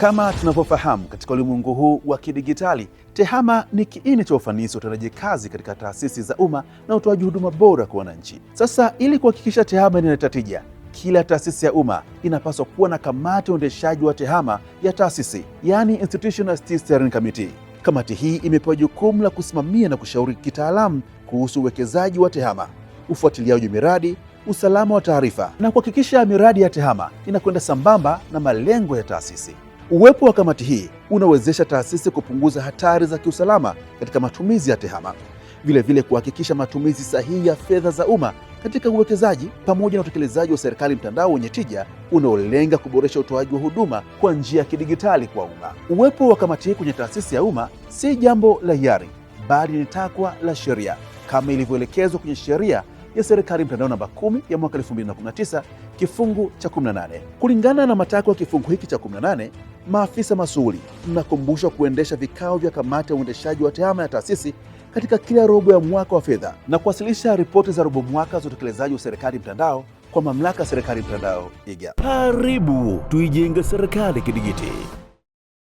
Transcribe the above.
Kama tunavyofahamu katika ulimwengu huu wa kidigitali, TEHAMA ni kiini cha ufanisi wa utendaji kazi katika taasisi za umma na utoaji huduma bora kwa wananchi. Sasa, ili kuhakikisha TEHAMA inaleta tija, kila taasisi ya umma inapaswa kuwa na kamati ya uendeshaji wa TEHAMA ya taasisi, yani Institutional Steering Committee. Kamati hii imepewa jukumu la kusimamia na kushauri kitaalamu kuhusu uwekezaji wa TEHAMA, ufuatiliaji wa miradi, usalama wa taarifa na kuhakikisha miradi ya TEHAMA inakwenda sambamba na malengo ya taasisi. Uwepo wa kamati hii unawezesha taasisi kupunguza hatari za kiusalama katika matumizi ya tehama, vilevile kuhakikisha matumizi sahihi ya fedha za umma katika uwekezaji pamoja na utekelezaji wa serikali mtandao wenye tija unaolenga kuboresha utoaji wa huduma kwa njia ya kidigitali kwa umma. Uwepo wa kamati hii kwenye taasisi ya umma si jambo la hiari, bali ni takwa la sheria kama ilivyoelekezwa kwenye sheria ya serikali mtandao namba 10 ya mwaka 2019 kifungu cha 18. Kulingana na matakwa ya kifungu hiki cha 18, maafisa masuuli mnakumbushwa kuendesha vikao vya kamati ya uendeshaji wa tehama ya taasisi katika kila robo ya mwaka wa fedha na kuwasilisha ripoti za robo mwaka za utekelezaji wa serikali mtandao kwa mamlaka ya serikali mtandao iga. Karibu tuijenge serikali kidigiti.